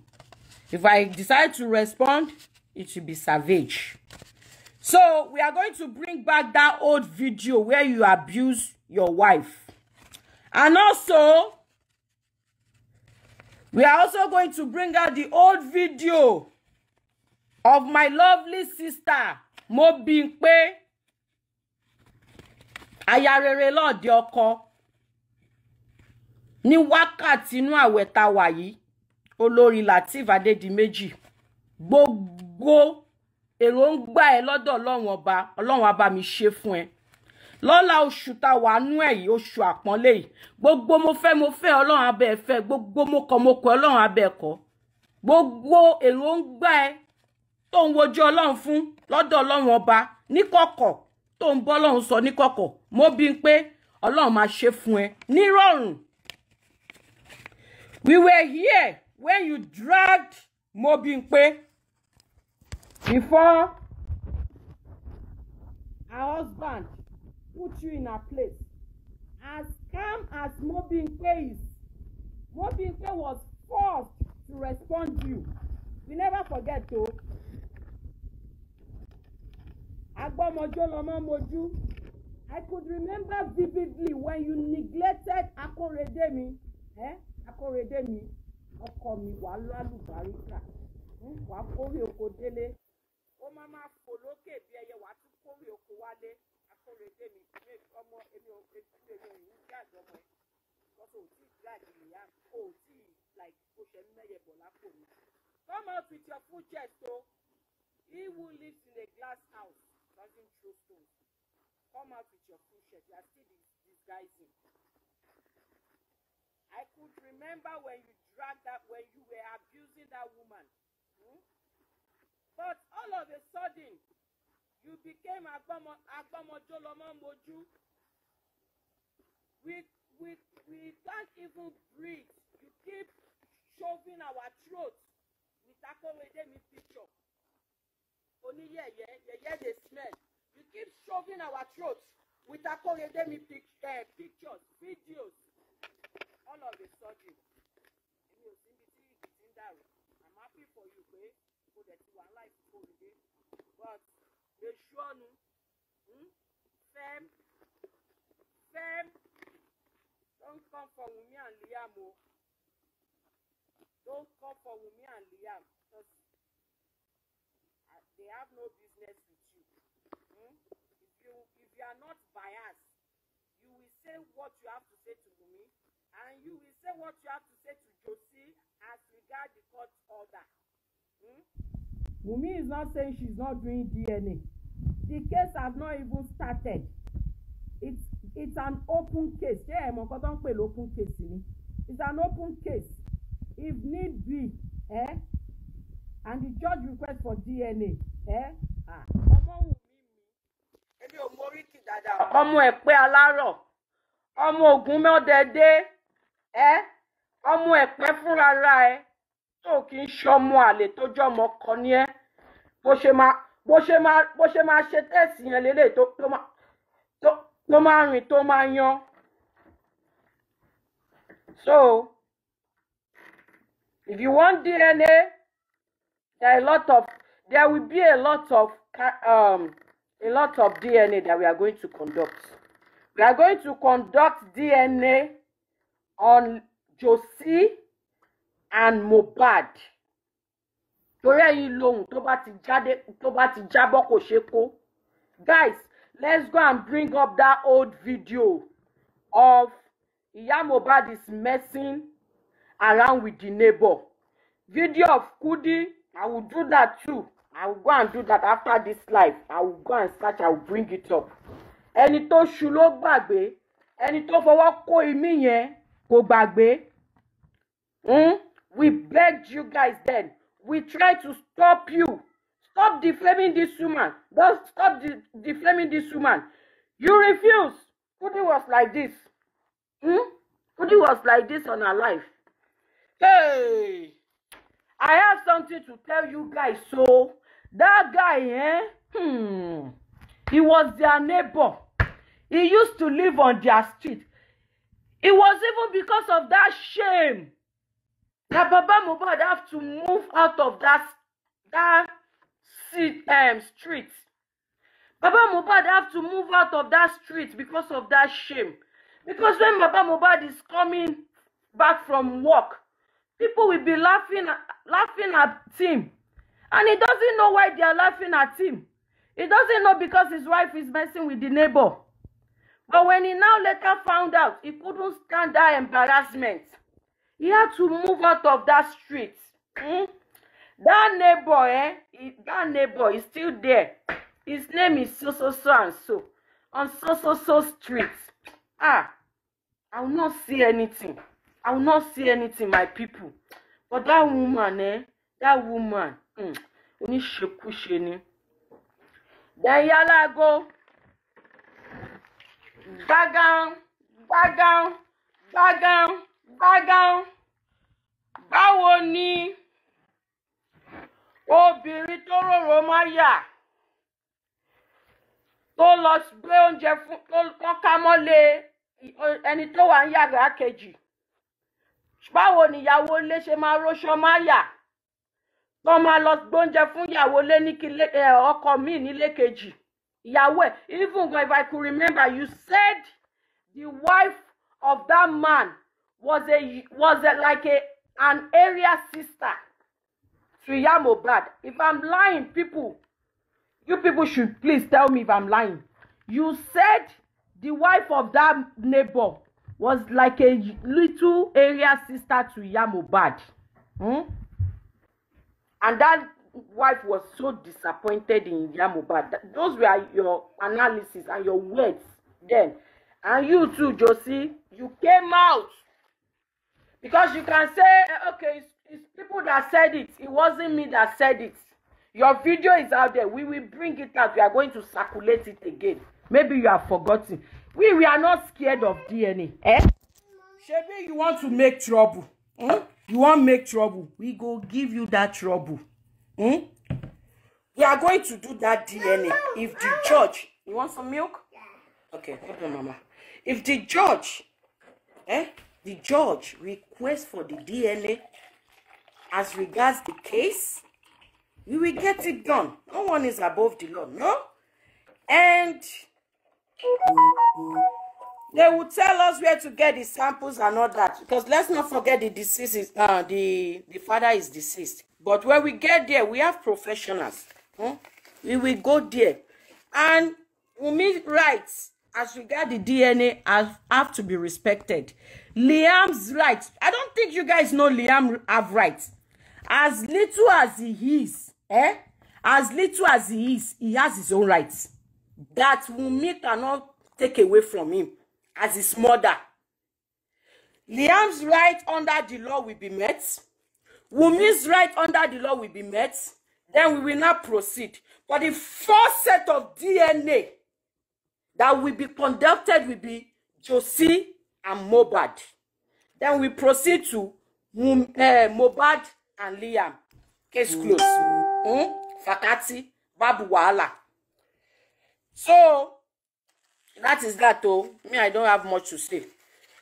if I decide to respond, it should be savage. So we are going to bring back that old video where you abuse your wife. And also, we are also going to bring out the old video of my lovely sister, Mobimpe, aya rere lóde ọkọ, ní wákàtí inú àwẹ̀ tá wà yìí, olórí Lateef Adédìméjì, gbogbo èròǹgbà ẹ lọ́dọ̀ ọlọ́run ọba, ọlọ́run á bá mi ṣe fún ẹ lọ́la oṣù tá wà nú ẹ̀ yìí oṣù àpọ́nlé yìí gbogbo mo fẹ́ mo fẹ́ ọlọ́run abẹ́ ẹ fẹ́ gbogbo mo kọ̀ mo kọ̀ ọlọ́run abẹ́ ẹ kọ̀ gbogbo èrò ẹ tó ń wojú ọlọ́run fún lọ́dọ̀ ọlọ́run ọba níkọ̀kọ̀ tó ń bọ́ ọlọ́run sọ níkọ̀kọ̀ mo bí i pé ọlọ́run máa ṣe fún ẹ nírọ̀rùn. we were here when you dragged Mobimpe before her husband put you in her place. As calm as Mobimpe is, Mobimpe was forced to respond to you. We never forget o. Agbọ́mọjọ́ lọmọ mojú. I could remember vividly when you neglected Akoredemi. Eh? Akoredemi, ọkọ mi wà lálùbáríkà. Wà á kórè oko délé. Ó máa máa fò lókè bí ẹyẹ wà á lè dé mi ọmọ èmi ò èmi ò yìí ń jáde ọmọ ẹ because o ti jáde ìyá o ti like o ṣe ń mẹ́yẹ bọ̀ lápò mi. come out with your full chest o he who lives in a glass house doesn't throw stones come out with your full chest you are still disguising. I could remember when you dragged that when you were abusing that woman. Hmm? But all of a sudden You became Agbamojolomomoju. We, we, we can't even breathe. You keep shoving our throats with Akowedemi picture. Oni yeye, yeye dey smell. You keep shoving our throats with Akowedemi pic uh, pictures, videos. All of a sudden, èmi ò sí ibi tí ìgbì ti ń dàrú. I'm happy for you pé o dẹ̀ ti wà láìpẹ́ òrùlé. But èṣù ọ̀nù fẹ́m fẹ́m don't come for Wunmi and Liam o oh. don't come for Wunmi and Liam because uh, they have no business with you hmm? if you if you are not biased you will say what you have to say to Wunmi and you will say what you have to say to Josie as regard the court order. Hmm? Wunmi is not saying she's not doing DNA. The case has not even started. It's it's an open case. Ṣé ẹ̀mọ̀ kan tó ń pè lópen case ni? It's an open case. If need be, eh? and the judge request for DNA, eh? Ọmọ Wunmi mi, èmi ò mórí kì dáadáa. Ọmọ ẹ̀ pé alárọ̀, ọmọ ògùn mọ́dẹ̀ẹ́dẹ́, ẹ́ ọmọ ẹ̀ pẹ́ fúnra ra ẹ̀ tó kì í ṣọmọ àlè tó jọmọ kọ ní ẹ bó ṣe máa bó ṣe máa bó ṣe máa ṣe tẹ́sì yẹn lélẹ̀ tó tó máa tó máa rìn tó máa yan so if you want DNA there are a lot of there will be a lot of um, a lot of DNA that we are going to conduct we are going to conduct DNA on Josie and Mohbad torí ẹ̀yin lohun tó bá ti jáde tó bá ti jábọ́ kò ṣe kó guys let's go and bring up that old video of ìyá Mohbad is messing around with the neighbor video of Kudi I will do that too I will go and do that after this live I will go and search I will bring it up ẹni tó ṣu ló gbàgbé ẹni tó fọwọ́ kó imí yẹn kò gbàgbé. Mm? We begged you guys then. We tried to stop you. Stop defaming this woman. Don't stop de defaming this woman. You refuse. Kudi was like this. Hmm? Kudi was like this on her life. Hey! I have something to tell you guys. So, that guy, eh? Hmm. He was their neighbor. He used to live on their street. It was even because of that shame na baba mohbad have to move out of that that seat, um, street baba mohbad have to move out of that street because of that shame because when baba mohbad is coming back from work people will be laughing laughing at him and he doesn't know why they are laughing at him he doesn't know because his wife is messing with the neighbor but when he now later found out he couldn't stand that embarrassment he had to move out of that street mm? that neighbor eh he, that neighbor is still there his name is so so so and so on so so so street ah i will not see anything i will not see anything my people but that woman eh that woman mm, oníṣekúṣe ni then yálà go gbágán gbágán gbágán gbágán báwo ni obìnrin tó rorò máyà tó lọ gbé oúnjẹ fún tó ká mọ́lé ẹni tó wà ń yàrá kejì báwo nìyàwó ilé ṣe máa róṣọ máyà tó máa lọ gbóúnjẹ fún ìyàwó ilé ní kílé ọkọ mi nílé kejì ìyàwó ẹ even if I could remember you said the wife of that man was a was a, like a an area sister to Yamobad? if i'm lying people you people should please tell me if i'm lying you said the wife of that neighbor was like a little area sister to Yamobad. hmm? and that wife was so disappointed in Yamobad. those were your analysis and your words then and you too Josie you came out because you can say eh, okay it's, it's people that said it it wasn't me that said it your video is out there we will bring it out we are going to circulate it again maybe you have forgotten we we are not scared of dna eh shebi you want to make trouble hmm? you wan make trouble we go give you that trouble hmm? we are going to do that dna if the judge you want some milk Yeah. okay help me mama if the judge eh the judge we request for the DNA as regards the case, we will get it done. No one is above the law, no? And they will tell us where to get the samples and all that. Because let's not forget the deceased is, uh, the, the father is deceased. But when we get there, we have professionals. Hmm? We will go there. And Wunmi rights as regards the DNA have, have to be respected. Liam's right. I don't think you guys know Liam have right. As little as he is, eh? As little as he is, he has his own rights. That Wunmi cannot take away from him as his mother. Liam's right under the law will be met. Wunmi's right under the law will be met. Then we will now proceed. But the first set of DNA that will be conducted will be Josie and Mobad. Then we proceed to eh, Mobad and Liam. Case closed. Mm? Fakati, Babu Wahala. So, that is that though. Me, I don't have much to say.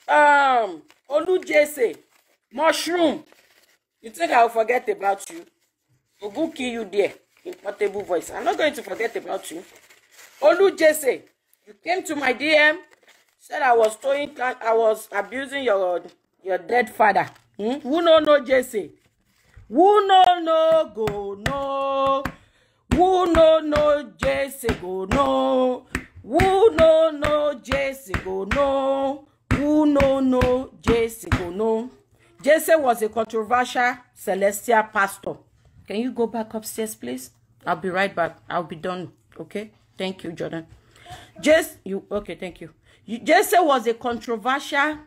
Um, Olu Jesse, Mushroom. You think I'll forget about you? Ogun kill you there in voice. I'm not going to forget about you. Olu Jesse, you came to my DM said I was throwing, I was abusing your your dead father. Hmm? Who no no Jesse? Who no no go no? Who no no Jesse go no? Who no no Jesse go no? Who no no Jesse go no? Jesse was a controversial celestial pastor. Can you go back upstairs, please? I'll be right back. I'll be done. Okay. Thank you, Jordan. Jesse, you okay? Thank you. Jesse was a controversial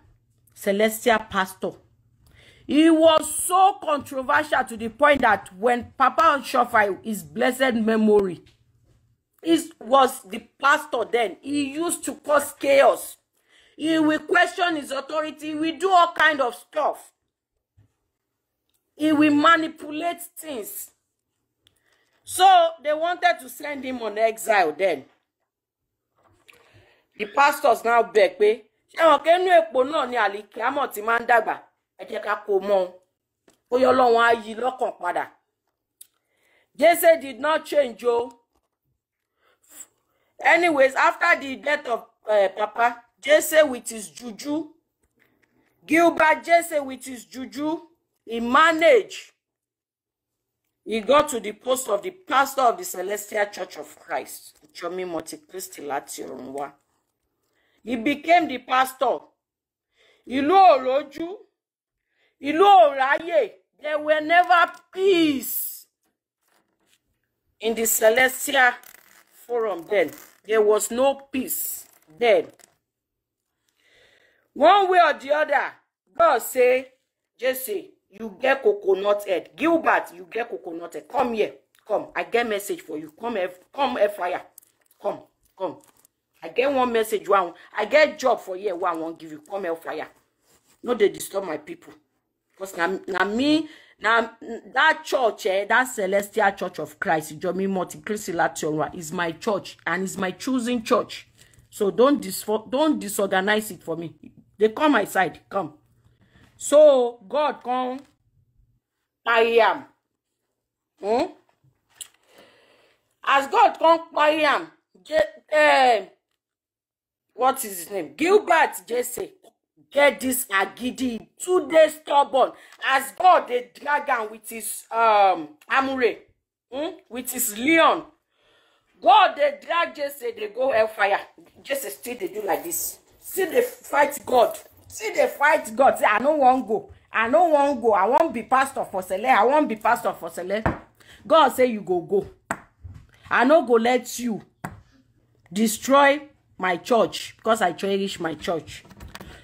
celestial pastor. He was so controversial to the point that when Papa Shofai, his blessed memory, he was the pastor then. He used to cause chaos. He will question his authority. We do all kind of stuff. He will manipulate things. So they wanted to send him on exile then the pastors now bẹ̀ pé ṣẹ́wọ̀n kẹ́ inú èpò náà ni àlìkíámọ̀ ti máa ń dàgbà ẹ jẹ́ ká kó mọ́ ọ́n bóyá ọlọ́run á yí Jesse did not change o anyways after the death of uh, papa Jesse with his juju Gilbert Jesse with his juju he managed he got to the post of the pastor of the Celestial Church of Christ ìjọ mímọ́ ti Kristi láti ọ̀run He became the pastor. Ìlú òròjú, ìlú òráyè, there were never peace. In the Celestial Forum then, there was no peace then. One way or the other, God say, Jesse, you get coconut head. Gilbert, you get coconut head. Come here. Come. I get message for you. Come, come air fire. Come, come. I get one message, one. I get job for year one, one give you come out fire. No, they disturb my people. Because now, now me, now that church, eh, that Celestial Church of Christ, Jomi Moti Christi Lationwa, is my church and is my choosing church. So don't dis don't disorganize it for me. They come my side, come. So God come, I am. Hmm? As God come, I am. Je, eh, what is his name Gilbert Jesse get this agidi two days stubborn as God the dragon with his um, amure hmm? with his Leon. God the drag Jesse they go hellfire Jesse still dey do like this See they fight God See they fight God say I no wan go I no wan go I won't be pastor for Sele I won't be pastor for Sele God say you go go I no go let you destroy my church because i cherish my church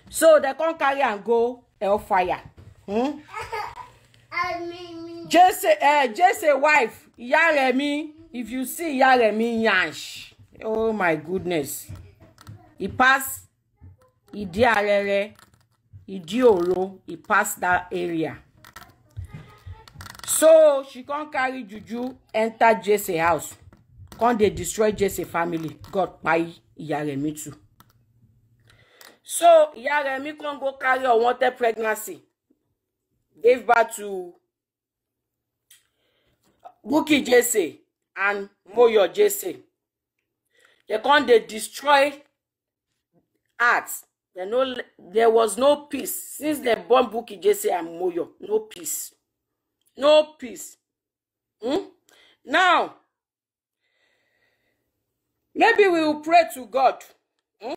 so they come carry and go hellfire hmm? jesse uh, jesse wife yaremi if you see yaremi yansh oh my goodness He pass ìdí arẹrẹ ìdí òro He pass that area so she come carry juju enter jesse house come they destroy jesse family god bye ìyá rẹ̀ mi tù. so ìyá rẹ̀ mi kan go carry unwanted pregnancy gave birth to Bukky Jesse and Moyo Jesse. They come dey destroy art. There no, there was no peace since they born Buki Jesse and Moyo. No peace. No peace. Hmm? Now, Maybe we will pray to God hmm,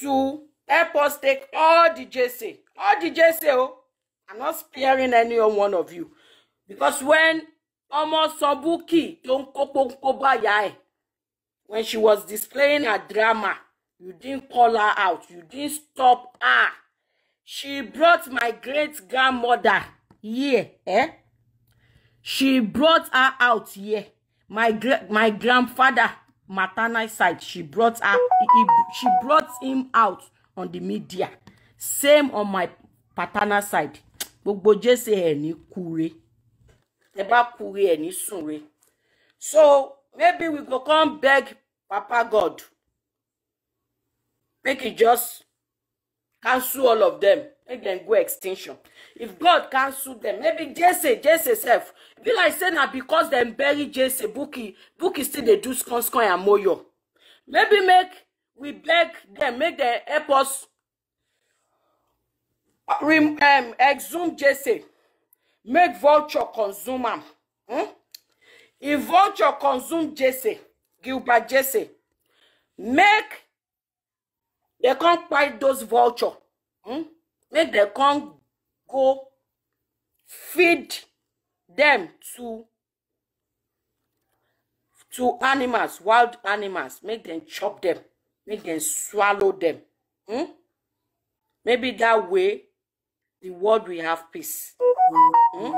to help us take all the JC. All the JC, oh, I'm not sparing any one of you. Because when Omo Sobuki, when she was displaying her drama, you didn't call her out. You didn't stop her. She brought my great-grandmother here. Eh? She brought her out here. My, my grandfather maternal side she brought her he, she brought him out on the media same on my paternal side gbogbo jese ẹ ní kure ẹ bá kure ẹ sunre so maybe we go come beg papa god make he just cancel all of them make dem go extinction if god cancel them, maybe jesse jesse self. E be like say na because dem bury jesse buki buki still dey do skonskon and moyo maybe make we beg dem make dem help us um, exhume jesse make vulture consume am hmm? if vulture consume jesse gilbert jesse make They can't kpai those vulture hmm? make they can't go feed them to to animals wild animals make them chop them. make them swallow them. hmm? maybe that way the world will have peace hmm?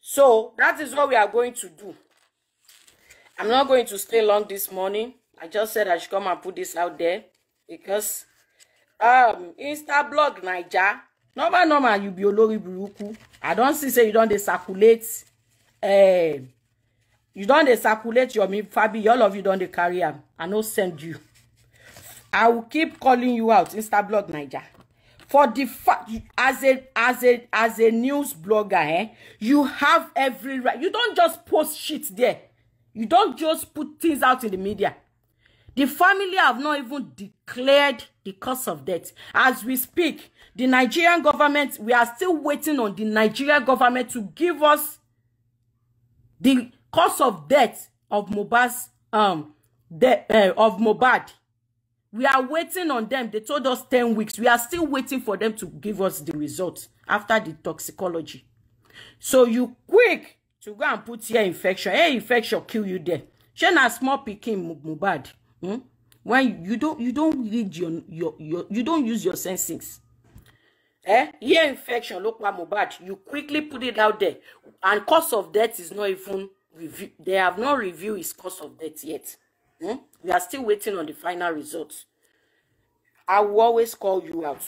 so that is what we are going to do i'm not going to stay long this morning i just said i should come and put this out there because um, insta blog naija normal normal you be olórí burúkú i don see say you don dey circulate uh, you don dey circulate me, fabi all of you don dey carry am i no send you i will keep calling you out insta blog naija for the fact as a as a as a news blogger eh, you have every right you don just post shit there you don just put things out in the media The family have not even declared the cause of death. As we speak, the Nigerian government, we are still waiting on the Nigerian government to give us the cause of death of Mohbad's um de uh, of Mohbad. We are waiting on them. They told us 10 weeks. We are still waiting for them to give us the results after the toxicology. So you quick to go and put your infection. Hey, infection kill you there. Shey na small pikin Mohbad. Hmm? When you don't you don't read your your, your you don't use your senses. Eh? Ear infection, ló pa Mohbad. You quickly put it out there. And cause of death is not even review. They have not reviewed his cause of death yet. Hmm? We are still waiting on the final results. I will always call you out.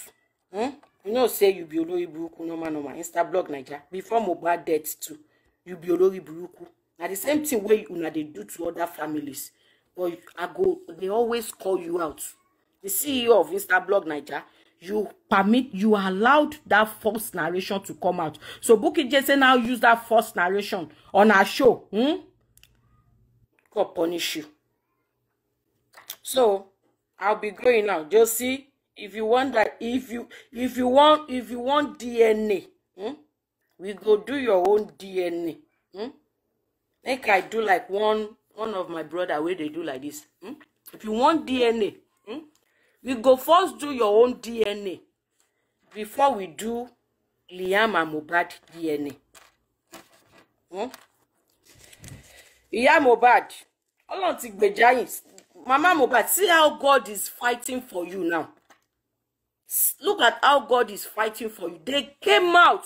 Hmm? You know, say you be olórí burúkú normal normal. Insta blog Naija. Before Mohbad death too, you be olórí burúkú. Na the same thing wey una dey do to other families but I go they always call you out. The CEO of Instablog Naija, you permit you allowed that false narration to come out. So Bukky Jesse now use that false narration on our show. Hmm? God punish you. So I'll be going now. Just see if you want that if you if you want if you want DNA, hmm? we go do your own DNA. Hmm? Make I do like one one of my brother wey dey do like this. hmm? if you want dna hmm? we go first do your own dna before we do liam and mohbad dna hmm? ìyá mohbad ọlọ́run ti gbèjà yìí mama mohbad see how god is fighting for you now look at how god is fighting for you they came out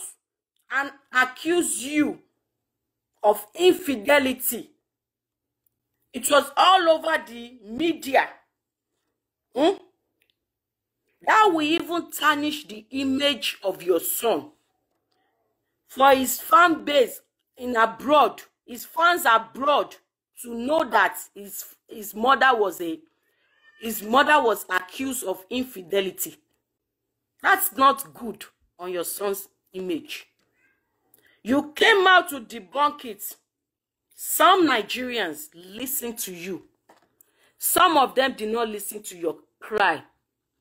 and accuse you of infidelity It was all over the media. Hmm? That will even tarnish the image of your son. For his fan base in abroad, his fans abroad, to know that his his mother was a his mother was accused of infidelity. That's not good on your son's image. You came out to debunk it. Some Nigerians listen to you. Some of them did not listen to your cry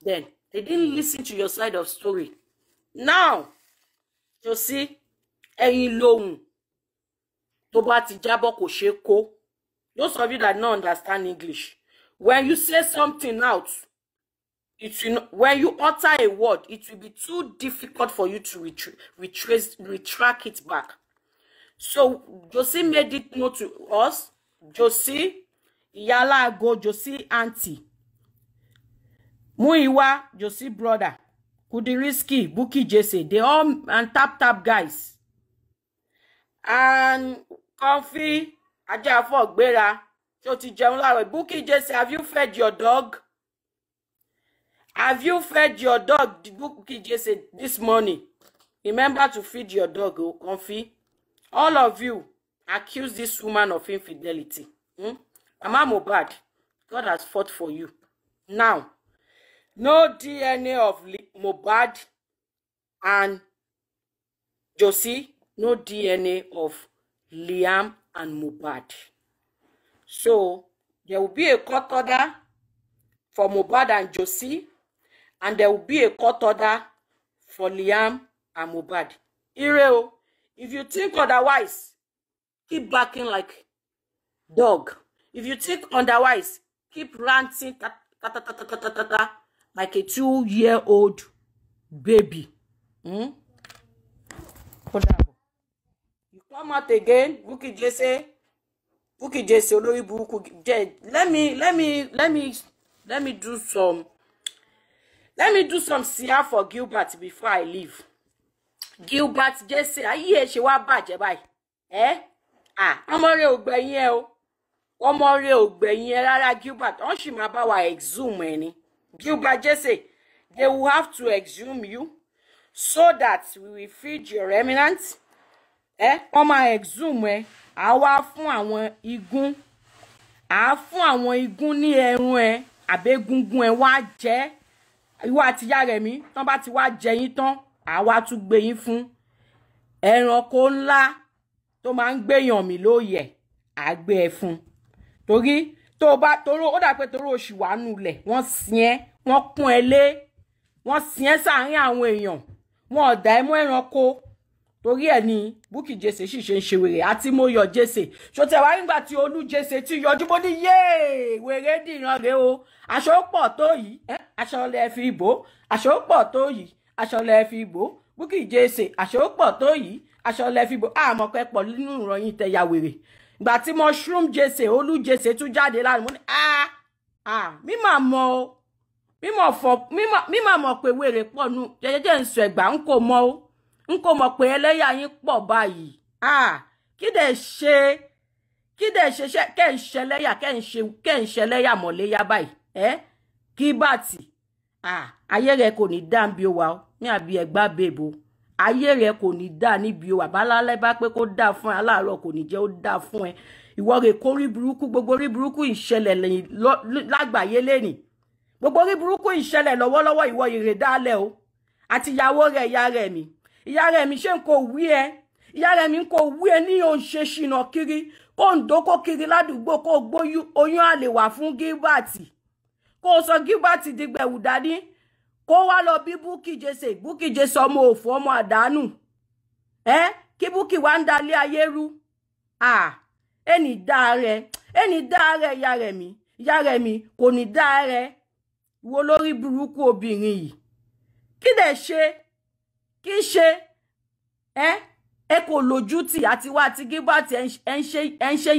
then. They didn't hmm. listen to your side of story. Now, you see, ẹ̀yin lóhùn tó ti jábọ́ kò Those of you that don't understand English, when you say something out, it will, when you utter a word, it will be too difficult for you to retrace, retrace, retract it back. So Josie made it known to us, Josie, Yala go. Josie auntie, Muiwa, Josie brother, Kudiriski, Buki Jesse, they all and tap tap guys. And Comfy, Ajafo Gbera, so ti jẹun láàrọ̀ Buki Jesse, have you fed your dog? Have you fed your dog, Buki Jesse, this morning? Remember to feed your dog, oh, Comfy. Oh, all of you accuse this woman of infidelity hmm? Mama Mohbad, God has fought for you now no DNA of Mobad and Josie no DNA of Liam and Mobad. so there will be a court order for Mobad and Josie and there will be a court order for Liam and Mobad. ire If you think otherwise, keep barking like dog. If you think otherwise, keep ranting ta ta ta ta ta ta ta like a two-year-old baby. Hmm? You come out again, Bukky Jesse, Bukky Jesse, olórí burúkú. Let me, let me, let me, let me do some, let me do some siya for Gilbert before I leave. Gilbert Jesse ayé ẹ ṣe wá bàjẹ́ báyìí ẹ ọmọ rẹ ò gbẹ̀yìn ẹ o ọmọ rẹ ò gbẹ̀yìn ẹ rárá Gilbert wọ́n sì máa bá wa exhume ẹ ni Gilbert Jesse they will have to exhume you so that we will feed your remnant ẹ wọ́n máa exhume ẹ à wá fún àwọn igun à fún àwọn igun ní ẹran ẹ àbẹ́gungun ẹ wá jẹ ìwọ àtìyá rẹ̀ mi tán bá ti wá jẹ yín tán àwa tún gbé yín fún ẹranko ńlá tó máa ń gbéyàn mí lóye àgbẹ̀ ẹ̀ e fún torí tó bá toró ó dà pé toró oṣù wà nulẹ̀ wọ́n sin ẹ́ wọ́n kún ẹ lé wọ́n sin ẹ́ sáàárín àwọn èèyàn wọn ò ẹ mọ́ ẹranko torí ẹ ní Bukky Jesse sì ṣe ń ṣe wèrè àti mo yọ Jesse ṣòtẹ wá nígbà tí Olú Jesse ti yọjú bó ní yéè wèrè dìran rèé o aṣọ pọ̀ tó yìí aṣọ lẹ fi bò aṣọ pọ̀ tó yìí aṣọ lẹ fi bò Bukky Jesse aṣọ pọ̀ tó yìí aṣọ lẹ fi bò àmọ́ pẹ́ pọ̀ nínú ìròyìn tẹ̀yà wèrè ìgbà tí mushroom Jesse olú Jesse tún jáde láàrin mo ní mímọ̀ mọ́ o mímọ̀ mọ̀ pé wèrè pọ̀ nù jẹ́jẹ́jẹ́ ń sọ ẹ̀gbà ń kò mọ́ o n kò mọ̀ pé ẹlẹ́yà yín pọ̀ báyìí kí dẹ̀ ṣe kí dẹ̀ ṣe kẹ́ ń ṣẹlẹ́yà kẹ́ ń ṣẹlẹ́yà mọ̀léyà báyìí kí bàtì Ah, ayé rẹ kò ní dá níbi wa ní àbí ẹgbà bèbò ayé rẹ kò ní dá níbi wa bálálẹ́ bá pé kó dá fún ẹ aláàárọ̀ kò ní jẹ́ ó dá fún ẹ ìwọ rè kó rí burúkú gbogbo rí burúkú ìṣẹ̀lẹ̀ lágbàáyé lẹ́nìí gbogbo rí burúkú ìṣẹ̀lẹ̀ lọ́wọ́lọ́wọ́ ìwọ ìrè dálẹ̀ o àti ìyàwó rẹ̀ ìyá rẹ̀ mi ìyá rẹ̀ mi ṣé n kò wí ẹ ìyá rẹ̀ mi n kò wí ẹ ní òun ṣe ṣìnà kiri kó ń dókó kiri ládùúgbò kó gbóyún oyún àlè wà fún gíbàtì kó sọ Gilbert ti digbẹ̀wù dání kó wá lọ bí Bukky Jesse Bukky Jesse ọmọ òfò ọmọ àdánù ẹ kí Bukky wá ń dalé ayé rú à ẹni dá rẹ ẹni dá rẹ ìyá rẹ mi ìyá rẹ mi kò ní dá rẹ wo lórí burúkú obìnrin yìí kí dẹ̀ ṣe kí ṣe ẹ ẹ kò lójútì àti wá àti Gilbert ẹ ń ṣe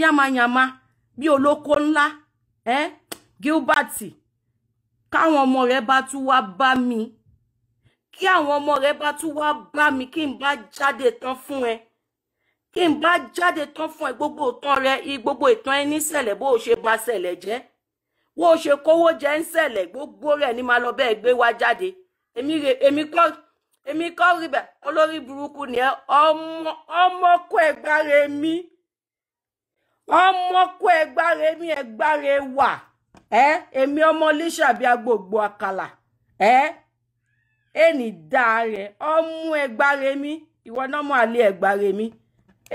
yàmáyàmá bí olóko ńlá eh? Gilbert káwọn ọmọ rẹ bá tún wá bá mi kí àwọn ọmọ rẹ bá tún wá bá mi kí n bá jáde tán fún ẹ kí n bá jáde tán fún ẹ gbogbo ìtàn rẹ gbogbo ìtàn ẹ níṣẹ̀lẹ̀ bó o ṣe bà ṣẹlẹ̀ jẹ́ bó o ṣe kówó jẹ ń ṣẹlẹ̀ gbogbo rẹ ní máa lọ bẹ́ẹ̀ gbé wá jáde èmi rè èmi kọ́ èmi kọ́ rí bẹ́ẹ̀ olórí burúkú ni ẹ ọmọ ọmọkọ ẹgbàre mi. ọmọkú ẹgbáre mi ẹgbáre wà ẹ èmi ọmọ Lísàbí agbègbè àkàlà ẹ ẹnì dáa rẹ ọmú ẹgbáre mi ìwọ náà mọ àlẹ ẹgbáre mi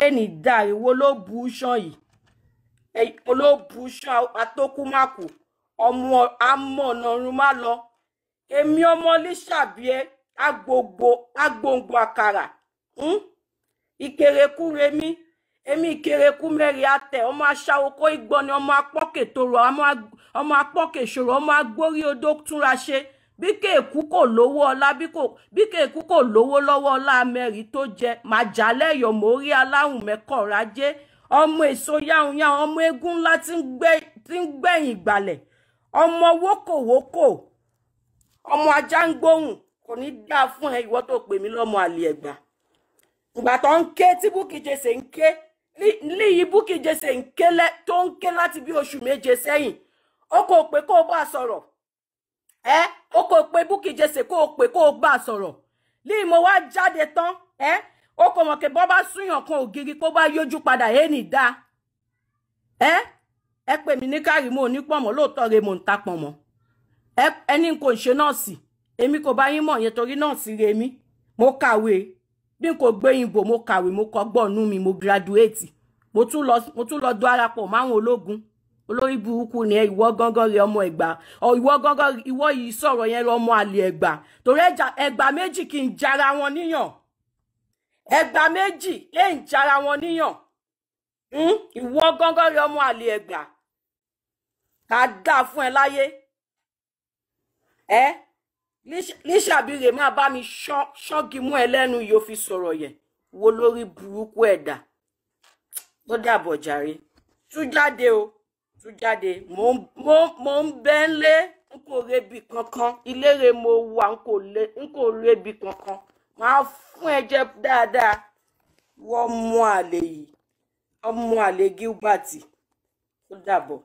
ẹnì dáa rẹ wo ló bu ṣan yìí wo ló bu ṣan ọmọ amọ̀nàrún má lọ èmi ọmọ Lísàbí agbọgbọ agbògbò agbòǹgbò àkàrà hm? mi. èmi ìkèrèkú mẹ́rin àtẹ ọmọ aṣàwòkọ ìgbọ́ni ọmọ apọ́kè toro ọmọ apọ́kè ìṣòro ọmọ agbórí odó túnra ṣe bí kéèkú kò lówó ọlá bí kéèkú kò lówó lọ́wọ́ ọlá mẹ́rin tó jẹ màjálẹ̀ yọ̀ mórí aláhùn mẹ́kọ̀ọ́rọ̀ ajé ọmọ èso yáhunyáhun ọmọ eégún ńlá tí ń gbẹ̀yìn ìgbàlẹ̀ ọmọ wókòwókò ọmọ ajá ń gbóhùn kò ní dá fún ẹ ìwọ tó pè mí lọ́mọ àlè ẹ̀gbà ìgbà tó ń ké tí Bukky Jesse ń ké ní Bukky Jesse nkélé tó ń ké láti bí oṣù méje sẹ́yìn ó kò pé kó o bá sọ̀rọ̀ ẹ ó kò pé Bukky Jesse kó o pé kó o bá sọ̀rọ̀ ní mo wá jáde tán ẹ ó kò mọ̀ pé bọ́ bá súyàn kan ògiri kó bá yójú padà ẹ̀ nì dá ẹ ẹ pè mí ní Karimo onípọ̀mọ́ lóòótọ́ re Mo ń ta pọ̀mọ́ ẹni kò ń ṣe nọ́ọ̀sì èmi kò bá yín mọ̀ yẹn torí nọ́ọ̀sì re mi mo kàwé bí n kò gbóyìnbó mo kàwé mo kọ́gbọ́n nú mi mo graduate mo tún lọ mo tún lọ máwọn ológun olórí burúkú ni ẹ ìwọ gángan rẹ ọmọ Ẹ̀gbá ìwọ gángan ìwọ yìí sọ̀rọ̀ yẹn lọ ọmọ àlè Ẹ̀gbá torí Ẹ̀gbá méjì kì í jara wọn níyàn Ẹ̀gbá méjì lè ń jara wọn níyàn hmm? ìwọ gángan rẹ ọmọ àlè Ẹ̀gbá ká dà fún ẹ láyé ẹ níṣàbíre máa bá mi ṣọ́ọ̀gì mú ẹ lẹ́nu yóò fi sọ̀rọ̀ yẹn wo lórí burúkú ẹ̀dá tó dàbọ̀ jàre tún jáde o tún jáde mo ń bẹ́ ń lé n kò rebi kankan ìlérè mo wà n kò rebi kankan màá fún ẹ jẹ dáadáa wọ́n mú àlè yìí ọmọ àlè Gilbert tó dàbọ̀.